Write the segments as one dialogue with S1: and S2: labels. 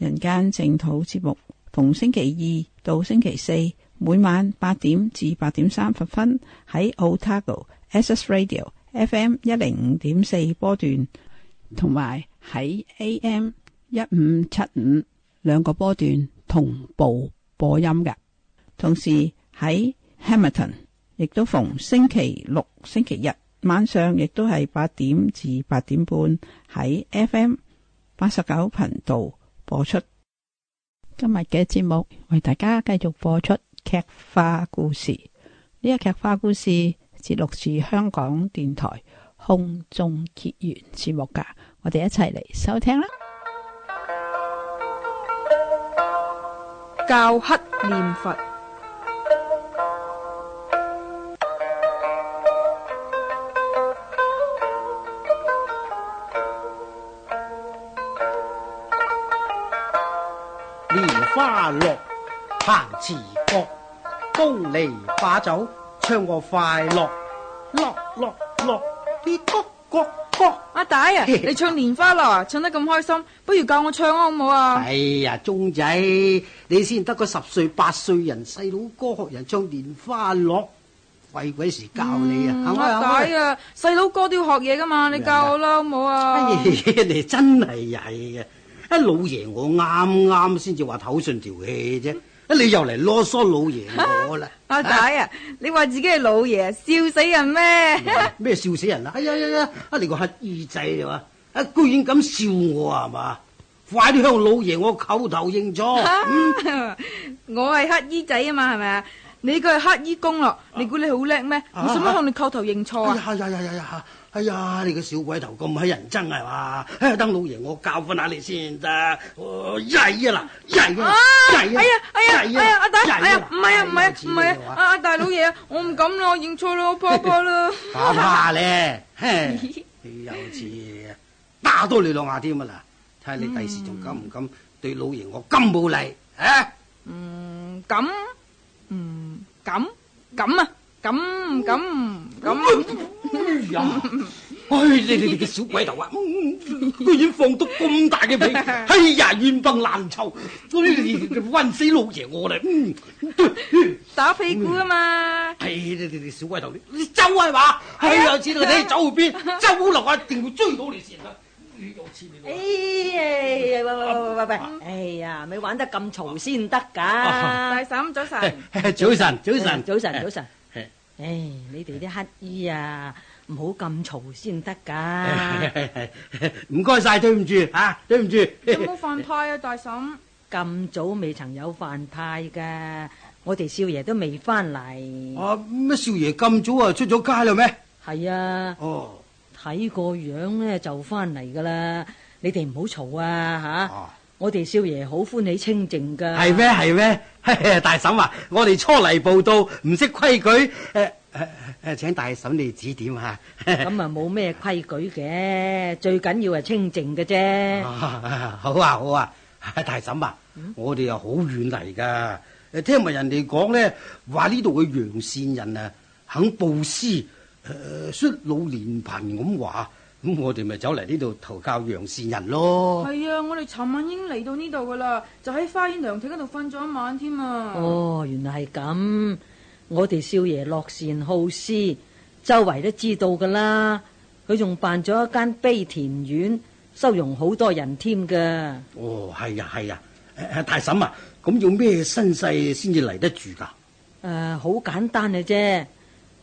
S1: 人間淨土節目，逢星期二到星期四每晚八點至八點三十分喺 Otago SS Radio F M 一零五點四波段，同埋喺 A M 一五七五兩個波段同步播音嘅。同時喺 Hamilton 亦都逢星期六、星期日晚上，亦都係八點至八點半喺 F M 八十九頻道。播出今日嘅節目，為大家繼續播出劇化故事。呢個劇化故事節錄自香港電台空中結緣節目噶，我哋一齊嚟收聽啦。教黑念佛。
S2: 花落行池角，高離把酒唱個快樂，
S3: 樂樂啲曲角角。嗶嗶嗶嗶嗶嗶阿大啊， 你唱蓮花落啊，唱得咁開心，不如教我唱好
S2: 唔好啊？哎呀，鍾仔，你先得個十歲八歲人細佬哥學人唱蓮花落，喂鬼時教你啊，係阿大
S3: 啊，細佬哥都要學嘢噶嘛，你教我啦，好唔好
S2: 啊？你真係曳啊！阿老爺，我啱啱先至話透順條氣啫，阿你又嚟囉嗦老爺
S3: 我啦。阿仔啊，啊啊
S2: 你話自己係老爺，笑死人咩？咩笑死人啦、啊？哎呀呀呀！阿你個乞衣仔咋、啊、居然敢笑我啊嘛？快啲向老爺我叩頭認錯。
S3: 哈嗯、我係乞衣仔啊嘛，係咪啊？你個係乞衣公咯？你估你好叻咩？我使乜向你叩頭認錯啊？啊啊啊啊啊啊哎呀！你個小鬼頭
S2: 咁乞人憎係嘛？哎呀，等老爺我教訓下你先得。哎呀嗱，哎呀，哎呀，哎呀，哎呀，
S3: 阿大，哎呀，唔係啊，唔係啊，唔係啊，阿阿大老爺啊，我唔敢啦，我認錯啦，我怕怕啦。怕怕
S2: 咧，嘿，有次打多你兩下添啊嗱，睇下你第時仲敢唔敢對老爺我咁冇禮？
S3: 誒，唔敢，唔敢，敢啊！咁咁咁啊！哎呀！哎你你你小鬼頭啊！居然放到咁大嘅屁！哎呀！
S2: 冤蹦爛臭！我呢啲嘢就暈死老爺我啦！嗯，對，
S3: 打屁股啊嘛！
S2: 係你你你小鬼頭，你走係嘛？哎呀！有知道你走去邊，周老啊一定會追到你先啦！有次你，
S4: 哎呀！喂喂喂喂喂！哎呀！咪玩得咁嘈先得噶！大嬸，早晨，早晨
S2: 早晨早晨早晨。
S4: 唉，你哋啲乞衣啊，唔好咁嘈先得噶。
S2: 唔該晒，對唔住吓，對唔住。有冇
S4: 飯派啊，大嬸？咁早未曾有飯派噶，我哋少爺都未翻嚟。
S2: 啊乜？少爺咁早啊出咗街啦咩？係
S4: 啊。哦，睇個樣咧就翻嚟噶啦，你哋唔好嘈啊吓。我哋少爺好歡喜清靜噶。係
S2: 咩？係咩？大嬸啊，我哋初嚟報道，唔識規矩誒。請大嬸你指點下。咁啊冇
S4: 咩規矩嘅，最緊要係清靜嘅啫。
S2: 好啊好啊，大嬸啊，嗯、我哋又好遠嚟噶。誒，聽聞人哋講呢，話呢度嘅楊善人啊，肯布施，誒、呃，恤老憐貧咁話，咁我哋咪走嚟呢度投靠楊善人咯。
S3: 係啊，我哋尋晚已經嚟到呢度噶啦，就喺花園涼亭嗰度瞓咗一晚添啊。
S2: 哦，原來係咁。
S4: 我哋少爺樂善好施，周圍都知道㗎啦。佢仲辦咗一間悲田院，收容好多人添㗎。哦，係啊
S2: 係啊，阿、啊啊、大嬸啊，咁用咩身世先至嚟得住㗎？誒、
S4: 呃，好簡單嘅啫。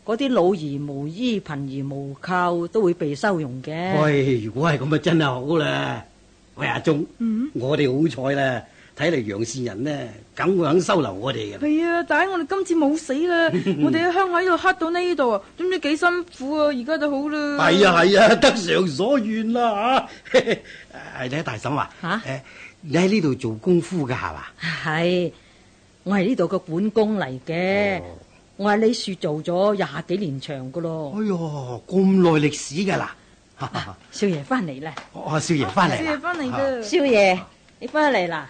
S4: 嗰啲老而無依、貧而無靠，都會被收容嘅。喂、
S2: 哎，如果係咁啊，真係好啦。喂、哎，阿忠，嗯、我哋好彩啦。睇嚟楊善人咧，梗會肯收留我哋
S3: 嘅。係啊，但係我哋今次冇死啦，我哋喺鄉下喺度黑到呢度，點知幾辛苦啊！而家就好啦。係啊，係啊，得
S2: 償所願啦嚇。係咧，大嬸話嚇，誒你喺呢度做功夫㗎係嘛？
S4: 係，我係呢度個本工嚟嘅，我喺呢樹做咗廿幾年長㗎咯。哎喲，
S2: 咁耐歷史㗎啦！
S4: 少爺翻嚟啦！
S2: 我係少爺
S5: 翻嚟啦！
S4: 少爺你翻嚟啦！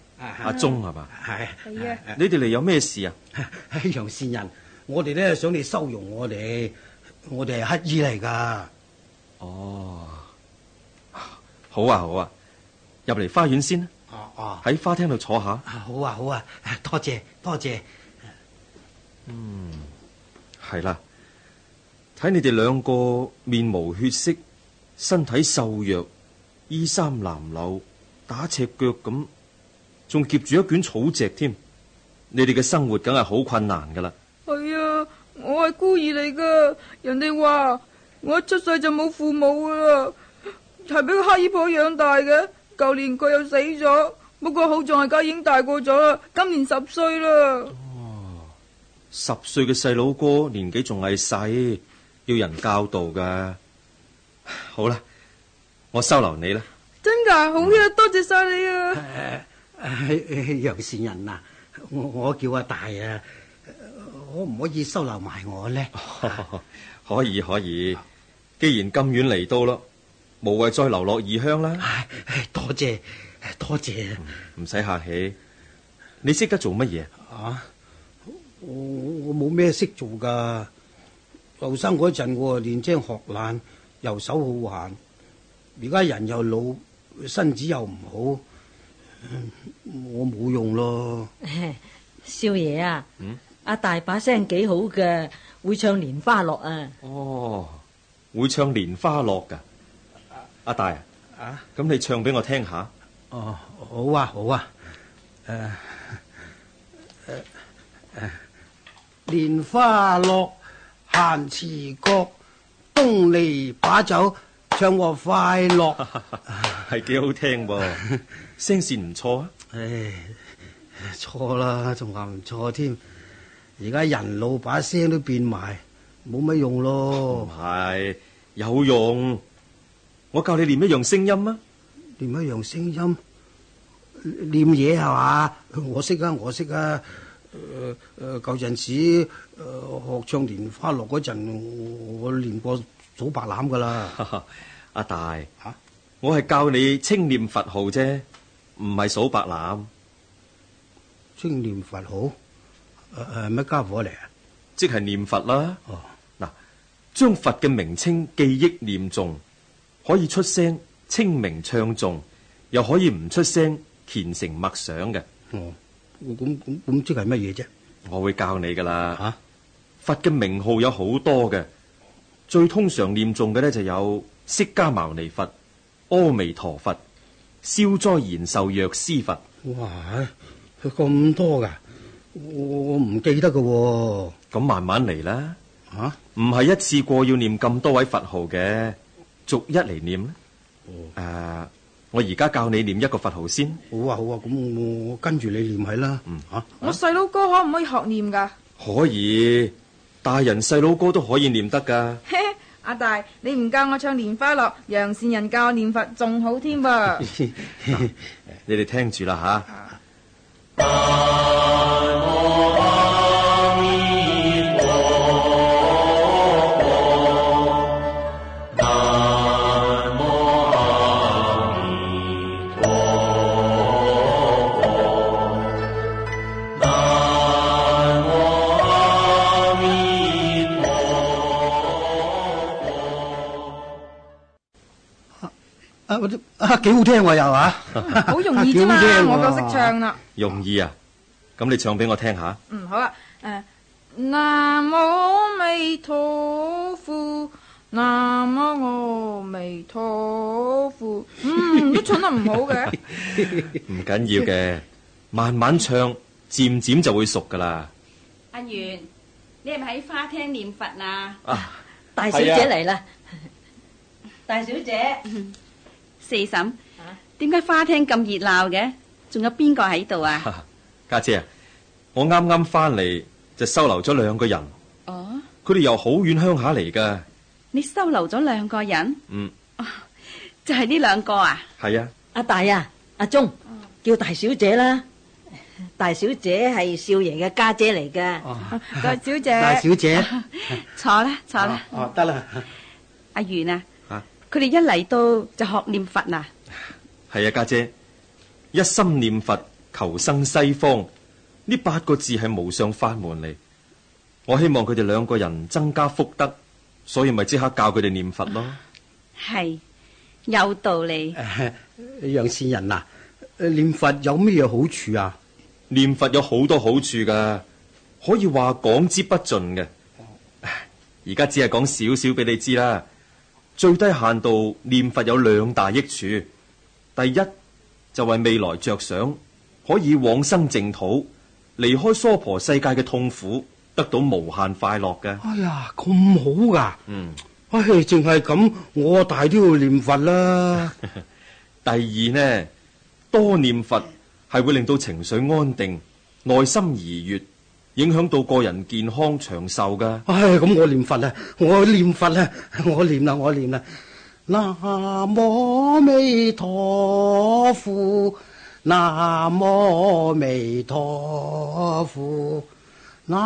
S5: 阿鍾
S2: 係嘛？係，你哋嚟有咩事啊？嘿，楊善人，我哋咧想你收容我哋，我哋係乞衣嚟噶。
S5: 哦，好啊，好啊，入嚟花園先。哦哦、啊，喺花廳度坐下。
S2: 好啊，好啊，多謝多謝。嗯，
S5: 係啦，睇你哋兩個面無血色，身體瘦弱，衣衫襤褸，打赤腳咁。仲夾住一卷草席添，你哋嘅生活梗係好困難噶啦。
S3: 係啊，我係孤兒嚟噶，人哋話我一出世就冇父母噶啦，係俾個乞衣婆養大嘅。舊年佢又死咗，不過好在而家已經大過咗啦，今年十歲啦。哦，
S5: 十歲嘅細佬哥年紀仲係細，要人教導噶。
S2: 好啦，我收留你啦。
S3: 真噶？好啊，嗯、多謝晒你啊。
S2: 楊善人啊，我我叫阿大啊，可唔可以收留埋我咧？
S5: 可以可以，既然咁遠嚟到咯，無謂再流落異鄉啦。多謝多謝，唔使客氣。你識得做乜嘢
S2: 啊？我我冇咩識做噶，後生嗰陣我連張學懶，游手好閒，而家人又老，身子又唔好。嗯、我冇用咯，
S4: 少爺爺啊，
S2: 嗯、
S4: 阿大把聲幾好嘅，會唱蓮花落啊。
S5: 哦，會唱蓮花落噶？啊、阿大啊，咁你唱俾我聽下。
S2: 哦，好啊，好啊。誒、uh, 蓮、uh, uh, uh, 花落，閒池閣，東籬把酒，唱和快樂，係幾 好聽噃。 聲線唔錯啊！唉，錯啦，仲話唔錯添。而家人老把聲都變埋，冇乜用咯。唔係，有
S5: 用，我教你練一樣聲音啊！
S2: 練一樣聲音，唸嘢係嘛？我識啊，我識啊。誒誒，舊陣時學唱《蓮花落》嗰陣，我練過《早白欖》噶啦。
S5: 阿大，嚇，我係教你清唸佛號啫。唔係數白欖，
S2: 清念佛好。誒、啊、乜家
S5: 伙嚟啊？即係念佛啦。哦，嗱，將佛嘅名稱記憶念誦，可以出聲清明唱誦，又可以唔出聲虔誠默想嘅。哦，咁咁咁即係乜嘢啫？我會教你噶啦。吓、啊，佛嘅名號有好多嘅，最通常念誦嘅呢就有釋迦牟尼佛、阿彌陀佛，消災延壽藥師佛。
S2: 哇吓，咁多噶，我我唔記得噶。咁慢慢嚟啦。吓，
S5: 唔係一次過要念咁多位佛號嘅，逐一嚟念啦。哦。誒，我而家教你念一個佛號先。好啊好啊，咁我跟住你念係啦。嗯。吓。我
S3: 細佬哥可唔可以學念噶？
S5: 可以，大人細佬哥都可以念得噶。
S3: 阿大，你唔教我唱蓮花落，楊善人教我念佛仲好添啊噃，
S5: 你哋聽住啦吓。
S2: 啊，幾好聽喎又啊，好
S5: 容易啫嘛，我夠識唱啦。容易啊？咁你唱俾我聽下。嗯，
S3: 好啦，誒，南無阿彌陀佛，南無阿彌陀佛。嗯，都唱得唔好嘅。
S5: 唔緊要嘅，慢慢唱，漸漸就會熟噶啦。
S6: 阿元，你係咪喺花廳念佛啊？啊，
S5: 大
S6: 小姐嚟啦，大小姐。四嬸，點解花廳咁熱鬧嘅？仲有邊個喺度啊？
S5: 家姐啊，我啱啱翻嚟就收留咗兩個人。哦，佢哋由好遠鄉下嚟噶。
S6: 你收留咗兩個人？嗯，就係呢兩個啊。係啊，阿大啊，阿忠，叫大小姐啦。大小姐係少爺嘅家姐嚟噶。大小姐，大小姐，坐啦，坐啦。哦，得啦。阿元啊。佢哋一嚟到就學念佛啦，
S5: 係啊，家姐，姐，一心念佛求生西方呢八個字係無上法門嚟。我希望佢哋兩個人增加福德，所以咪即刻教佢哋念佛咯。
S6: 係有道理。
S5: 楊 善人啊，念佛有咩好處啊？念佛有好多好處噶，可以話講之不盡嘅。而家只係講少少俾你知啦。最低限度念佛有兩大益處，第一就係，為未來着想，可以往生淨土，離開娑婆世界嘅痛苦，得到無限快樂嘅。哎呀，咁好噶啊！嗯，唉，哎，淨係咁，我大都要念佛啦。 第二呢，多念佛係會令到情緒安定，內心怡悅。影響到個人
S2: 健康長壽㗎。唉，咁我念佛啊，我念佛咧，我念啦，我念啦。南無阿彌陀佛，南無阿彌陀佛，南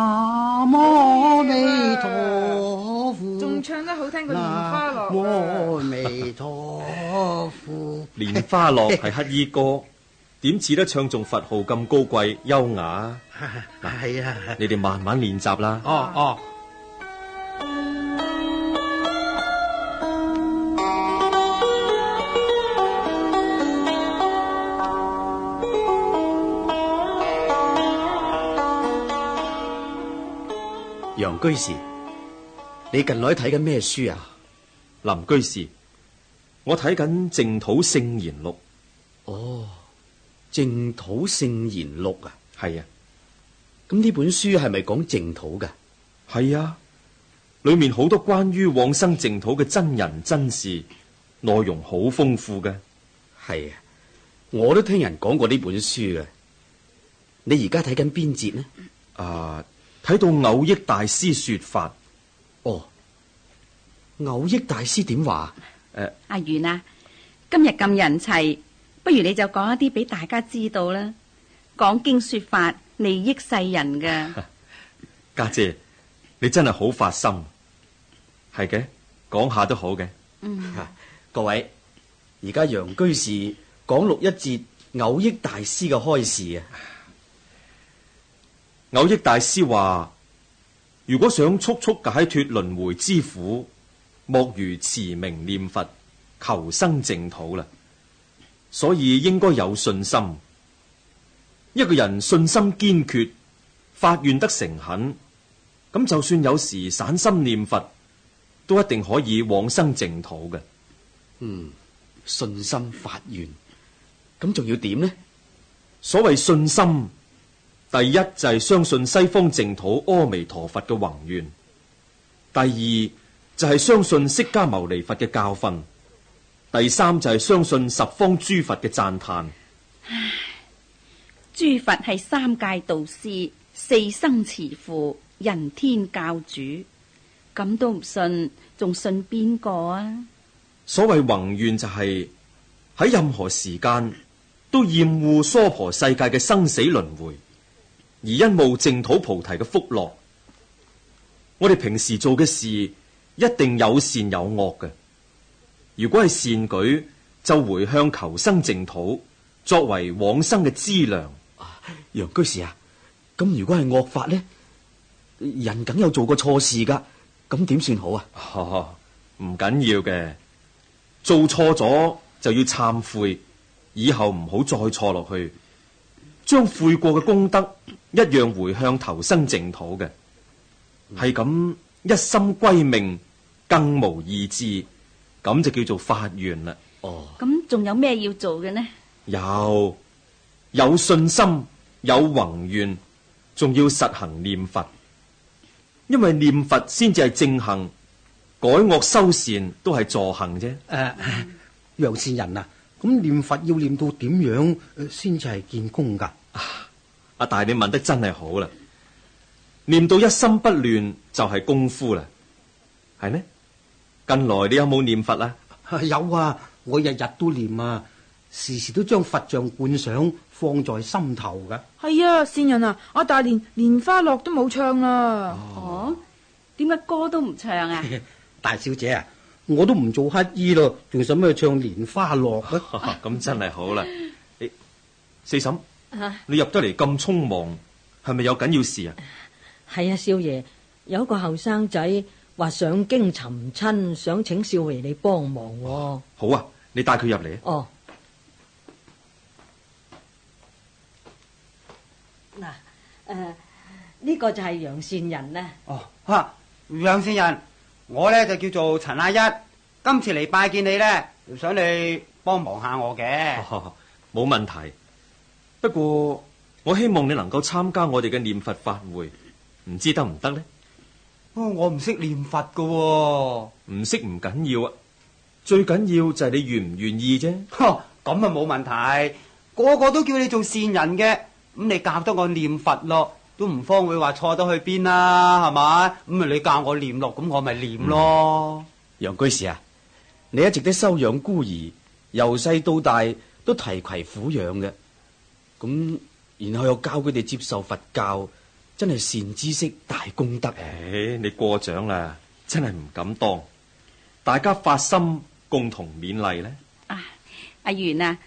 S3: 無阿彌陀佛。仲唱得好聽過蓮花
S2: 落。阿彌陀佛，
S5: 蓮 花落係乞兒歌。點似得唱頌佛號咁高貴優雅？
S2: 係
S5: 啊，你哋慢慢練習啦。哦哦，楊居士，你近來睇緊咩書啊？林居士，我睇緊《淨土聖賢錄》。哦。淨土聖賢錄啊，係啊，咁呢本書係咪講淨土噶？係啊，裏面好多關於往生淨土嘅真人真事，內容好豐富嘅。係啊，我都聽人講過呢本書嘅。你而家睇緊邊節呢？啊，睇到藕益大師說法。哦，藕益大師點話？
S6: 誒、啊，阿元啊，今日咁人齊。不如你就講一啲俾大家知道啦，講經說法利益世人噶。啊，家
S5: 姐，你真係好發心，係嘅，講下都好嘅。嗯，啊，各位，而家楊居士講六一節，偶益大師嘅開示啊。偶益大師話：如果想速速解脫輪回之苦，莫如持名念佛，求生淨土啦。所以應該有信心。一個人信心堅決，發願得誠懇，咁就算有時散心念佛，都一定可以往生淨土嘅。嗯，信心發願，咁仲要點呢？所謂信心，第一就係相信西方淨土阿彌陀佛嘅宏願；第二就係相信釋迦牟尼佛嘅教訓。第三就係相信十方諸佛嘅讚嘆。
S6: 唉，諸佛係三界導師、四生慈父、人天教主，咁都唔信，仲信邊個啊？
S5: 所謂宏願就係、是、喺任何時間都厭惡娑婆世界嘅生死輪回，而因慕淨土菩提嘅福樂。我哋平時做嘅事一定有善有惡嘅。如果係善舉，就回向求生淨土，作為往生嘅資糧啊。楊居士啊，咁如果係惡法呢？人梗有做過錯事噶，咁點算好啊？唔緊要嘅，做錯咗就要懺悔，以後唔好再錯落去，將悔過嘅功德一樣回向求生淨土嘅，係咁，嗯、一心歸命，更無二志。咁就叫做發願啦。哦，
S6: 咁仲有咩要做嘅呢？
S5: 有，有信心，有宏願，仲要實行念佛，因為念佛先至係正行，改惡修善都係助行啫。誒、呃，楊善人啊，
S2: 咁念佛要念到點樣先
S5: 至係見功噶啊，阿大，你問得真係好啦，念到一心不亂就係功夫啦，係咩？近來你有冇念佛啊？
S2: 有啊，我日日都念啊，時時都將佛像觀想放在心頭噶。
S3: 係啊，仙人啊，我大連蓮花落都冇唱啦。
S6: 哦，點解、啊、歌都唔唱啊？
S2: 大小姐啊，我都唔做乞衣咯，仲使咩唱蓮花落咧？咁真係好啦，你
S5: 四嬸，啊、你入得嚟咁匆忙，係咪有緊要事啊？係啊，少
S4: 爺，有一個後生仔。話上京尋親，想請少爺你幫
S7: 忙。
S5: 好啊，你帶佢入嚟
S7: 啊。哦，
S4: 嗱，誒，呢個就係楊善人
S2: 啦。哦，哈，楊善人，我呢就叫做陳亞一，今次嚟拜見你呢，想你幫忙下我嘅。
S5: 冇問題，不過我希望你能夠參加我哋嘅念佛法會，唔知得唔得呢？我唔識念佛噶。哦，唔識唔緊要啊，
S2: 最緊要就係你願唔願意啫。咁啊冇問題，個個都叫你做善人嘅，咁你教得我念佛咯，都唔慌會話錯得去邊啦，係嘛？咁啊，你教我念咯，咁我咪念，念咯。
S7: 楊、嗯、居士啊，
S5: 你一直都收養孤兒，由細到大都提攜撫養嘅，咁然後又教佢哋接受佛教。真係善知識，大功德。唉，你過獎啦，真係唔敢當。大家發心共同勉勵呢。啊，
S6: 阿元啊，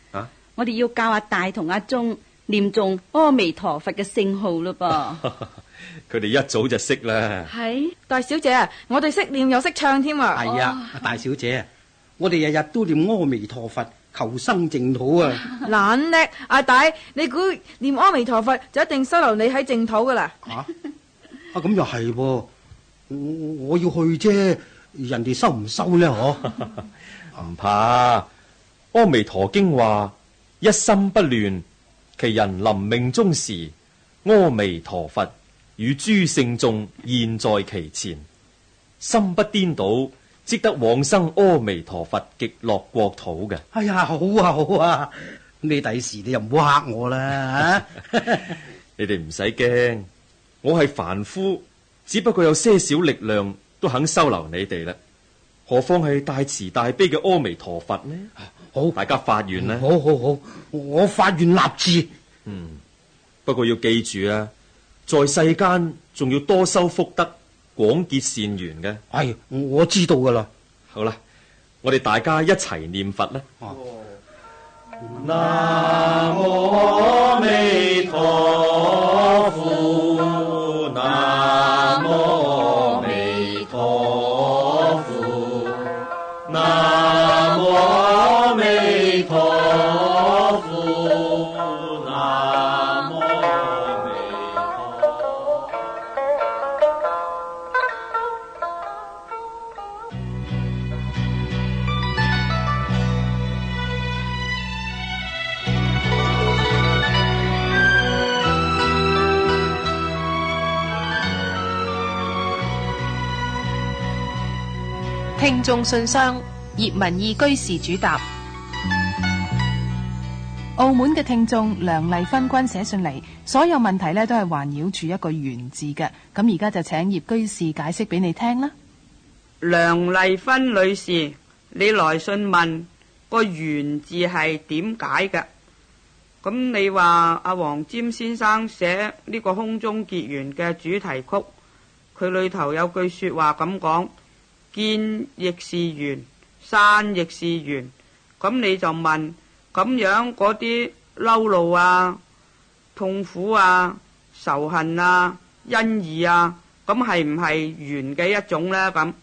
S6: 我哋要教阿大同阿鐘念誦阿彌陀佛嘅聖號咯噃。
S5: 佢哋一早就識
S2: 啦。
S3: 係
S6: 大小姐啊，我哋識念又識唱添啊。係啊，
S2: 大小姐，我哋日日都念阿彌陀佛，求生淨土啊！
S3: 懶叻， 阿弟，你估念阿彌陀佛就一定收留你喺淨土噶啦？
S2: 吓、 啊？啊咁又係喎，我要去啫，人哋收唔收呢？嗬？唔怕，
S5: 阿彌陀經話：
S2: 一心不
S5: 亂，其人臨命終時，阿彌陀佛與諸聖眾現在其前，心不顛倒。即得往生阿彌陀佛極樂國土嘅。
S2: 哎呀好啊好啊，你第時你又唔好嚇我啦
S5: 你哋唔使驚，我係凡夫，只不過有些少力量都肯收留你哋啦，何況係大慈大悲嘅阿彌陀佛呢？好，大家發願呢？好好好，我發願立志，嗯，不過要記住啊，在世間仲要多修福德。廣結善緣嘅，哎我，我知道噶啦。好啦，我哋大家一齊念佛啦。
S6: 南無、哦
S1: 眾信箱葉文意居士主答，澳門嘅聽眾梁麗芬君寫信嚟，所有問題咧都係環繞住一個緣字嘅。咁而家就請葉居士解釋俾你聽啦。
S7: 梁麗芬女士，你來信問個緣字係點解嘅？咁你話阿黃霑先生寫呢個《空中結緣》嘅主題曲，佢裏頭有句說話咁講。見亦是緣，散亦是緣。咁你就問咁樣嗰啲嬲路啊、痛苦啊、仇恨啊、恩義啊，咁係唔係緣嘅一種呢？咁誒、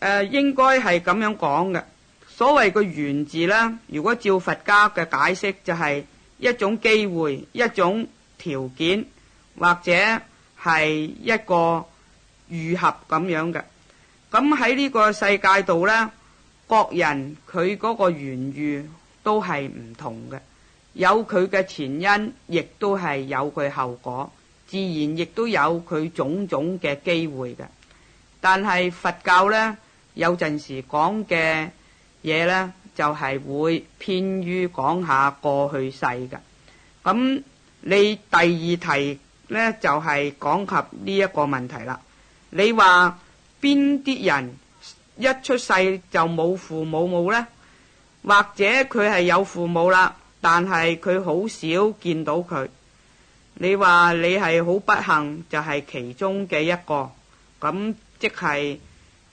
S7: 呃、應該係咁樣講嘅。所謂個緣字呢，如果照佛家嘅解釋，就係一種機會、一種條件，或者係一個遇合咁樣嘅。咁喺呢個世界度呢，各人佢嗰個緣遇都係唔同嘅，有佢嘅前因，亦都係有佢後果，自然亦都有佢種種嘅機會嘅。但係佛教呢，有陣時講嘅嘢呢，就係會偏於講下過去世嘅。咁你第二題呢，就係講及呢一個問題啦。你話？邊啲人一出世就冇父母冇呢？或者佢係有父母啦，但係佢好少見到佢。你話你係好不幸，就係其中嘅一個咁，即係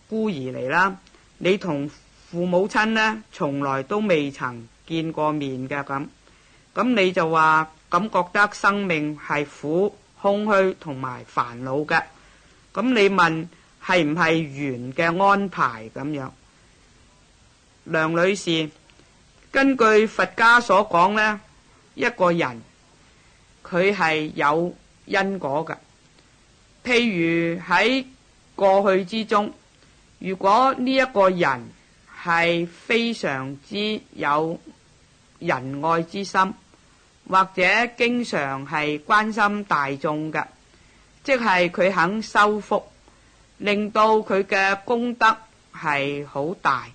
S7: 孤兒嚟啦。你同父母親呢，從來都未曾見過面嘅咁咁，你就話咁覺得生命係苦、空虛同埋煩惱嘅咁。你問？係唔係緣嘅安排咁樣？梁女士，根據佛家所講呢，呢一個人佢係有因果噶。譬如喺過去之中，如果呢一個人係非常之有仁愛之心，或者經常係關心大眾嘅，即係佢肯修福。令到佢嘅功德係好大，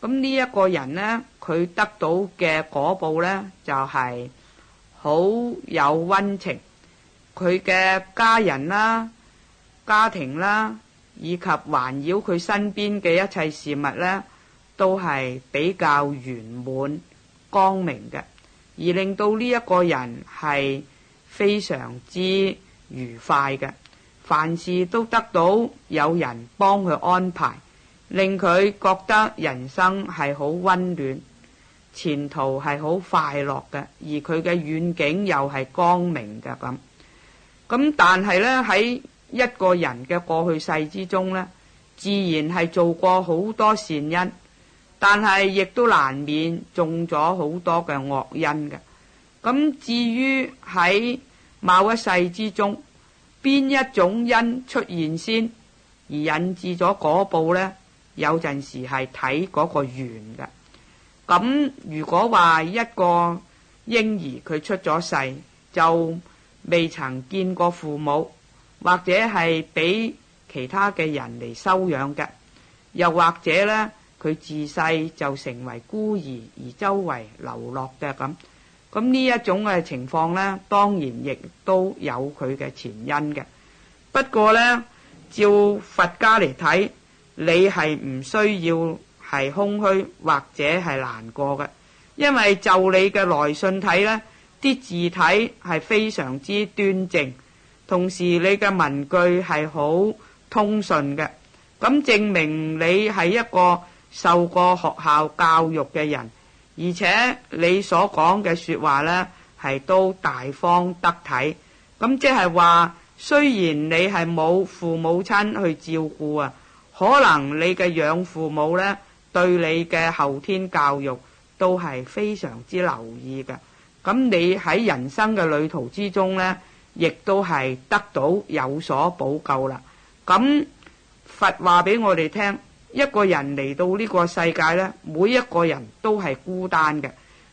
S7: 咁呢一個人呢，佢得到嘅果報呢就係好有溫情，佢嘅家人啦、家庭啦，以及環繞佢身邊嘅一切事物呢，都係比較圓滿、光明嘅，而令到呢一個人係非常之愉快嘅。凡事都得到有人幫佢安排，令佢覺得人生係好溫暖，前途係好快樂嘅，而佢嘅遠景又係光明嘅咁。咁但係呢，喺一個人嘅過去世之中呢，自然係做過好多善因，但係亦都難免種咗好多嘅惡因嘅。咁至於喺某一世之中。邊一種因出現先而引致咗嗰步呢？有陣時係睇嗰個緣㗎。咁如果話一個嬰兒佢出咗世就未曾見過父母，或者係俾其他嘅人嚟收養嘅，又或者呢，佢自細就成為孤兒而周圍流落嘅咁。咁呢一種嘅情況呢，當然亦都有佢嘅前因嘅。不過呢，照佛家嚟睇，你係唔需要係空虛或者係難過嘅，因為就你嘅來信睇呢，啲字體係非常之端正，同時你嘅文句係好通順嘅，咁證明你係一個受過學校教育嘅人。而且你所講嘅説話呢，係都大方得體。咁即係話，雖然你係冇父母親去照顧啊，可能你嘅養父母呢，對你嘅後天教育都係非常之留意嘅。咁你喺人生嘅旅途之中呢，亦都係得到有所補救啦。咁佛話俾我哋聽。一個人嚟到呢個世界呢，每一個人都係孤單嘅。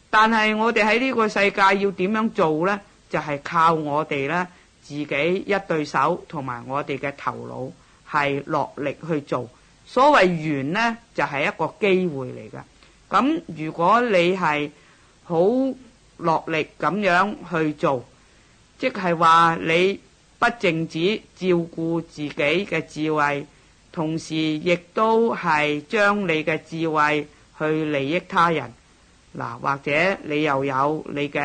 S7: 但係我哋喺呢個世界要點樣做呢？就係、是、靠我哋咧自己一對手同埋我哋嘅頭腦係落力去做。所謂緣呢，就係、是、一個機會嚟㗎。咁如果你係好落力咁樣去做，即係話你不淨止照顧自己嘅智慧。同時，亦都係將你嘅智慧去利益他人嗱，或者你又有你嘅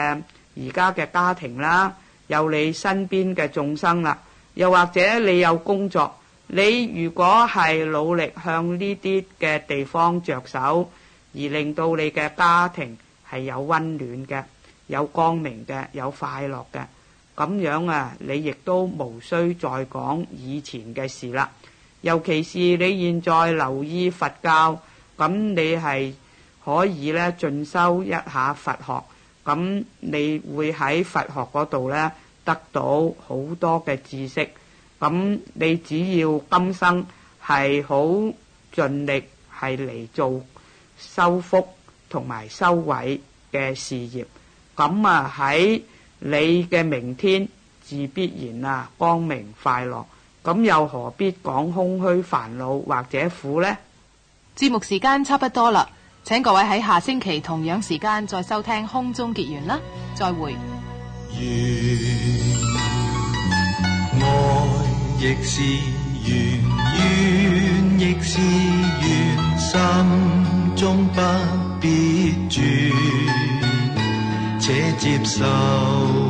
S7: 而家嘅家庭啦，有你身邊嘅眾生啦，又或者你有工作，你如果係努力向呢啲嘅地方着手，而令到你嘅家庭係有溫暖嘅、有光明嘅、有快樂嘅咁樣啊，你亦都無需再講以前嘅事啦。尤其是你現在留意佛教，咁你係可以進修一下佛學，咁你會喺佛學嗰度得到好多嘅知識，咁你只要今生係好盡力，係嚟做修福同埋修慧嘅事業，咁啊，喺你嘅明天自必然啊，光明快樂，咁又何必講空虛、煩惱或者苦呢？
S1: 節目時間差不多啦，請各位喺下星期同樣時間再收聽《空中結緣》啦，再會。
S5: 願愛亦是
S2: 緣，怨亦是緣，心中不必轉，且接受。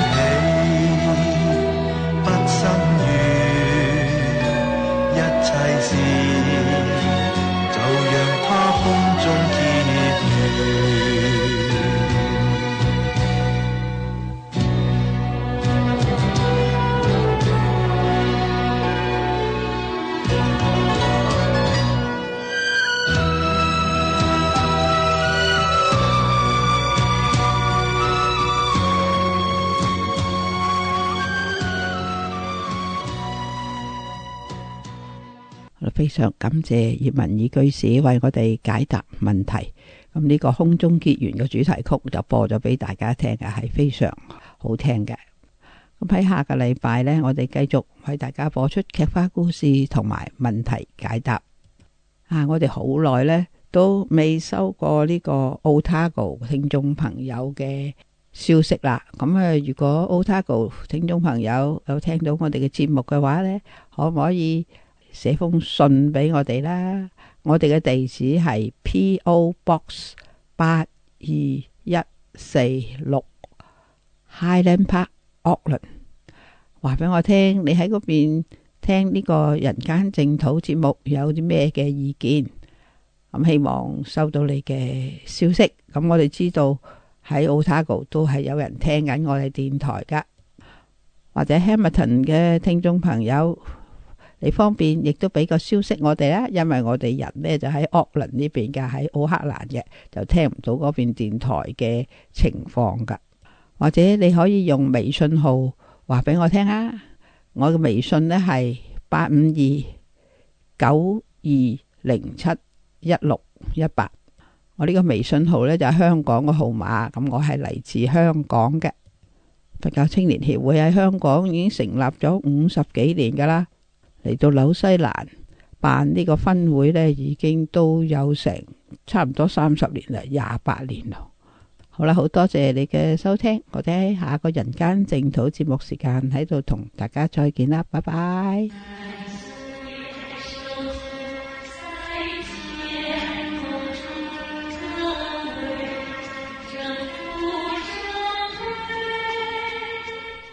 S1: 非常感謝葉文以居士為我哋解答問題。咁呢個空中結緣嘅主題曲就播咗俾大家聽嘅，係非常好聽嘅。咁喺下個禮拜咧，我哋繼續為大家播出劇花故事同埋問題解答。啊，我哋好耐咧都未收過呢個 Otago 聽眾朋友嘅消息啦。咁啊，如果 Otago 聽眾朋友有聽到我哋嘅節目嘅話咧，可唔可以？寫封信俾我哋啦，我哋嘅地址係 P.O.Box 八二一四六 Highland Park，Auckland。話俾我聽，你喺嗰邊聽呢個人間正土節目有啲咩嘅意見，咁希望收到你嘅消息。咁我哋知道喺 Otago 都係有人聽緊我哋電台噶，或者 Hamilton 嘅聽眾朋友，你方便，亦都俾個消息我哋啦。因為我哋人呢就喺奧倫呢邊嘅，喺奧克蘭嘅，就聽唔到嗰邊電台嘅情況噶。或者你可以用微信號話俾我聽啊。我嘅微信呢係八五二九二零七一六一八。我呢個微信號呢就係香港嘅號碼，咁我係嚟自香港嘅。佛教青年協會喺香港已經成立咗五十幾年噶啦。嚟到紐西蘭辦呢個分會呢，已經都有成差唔多三十年啦，廿八年咯。好啦，好多謝你嘅收聽，我哋喺下個人間淨土節目時間喺度同大家再見啦，拜拜。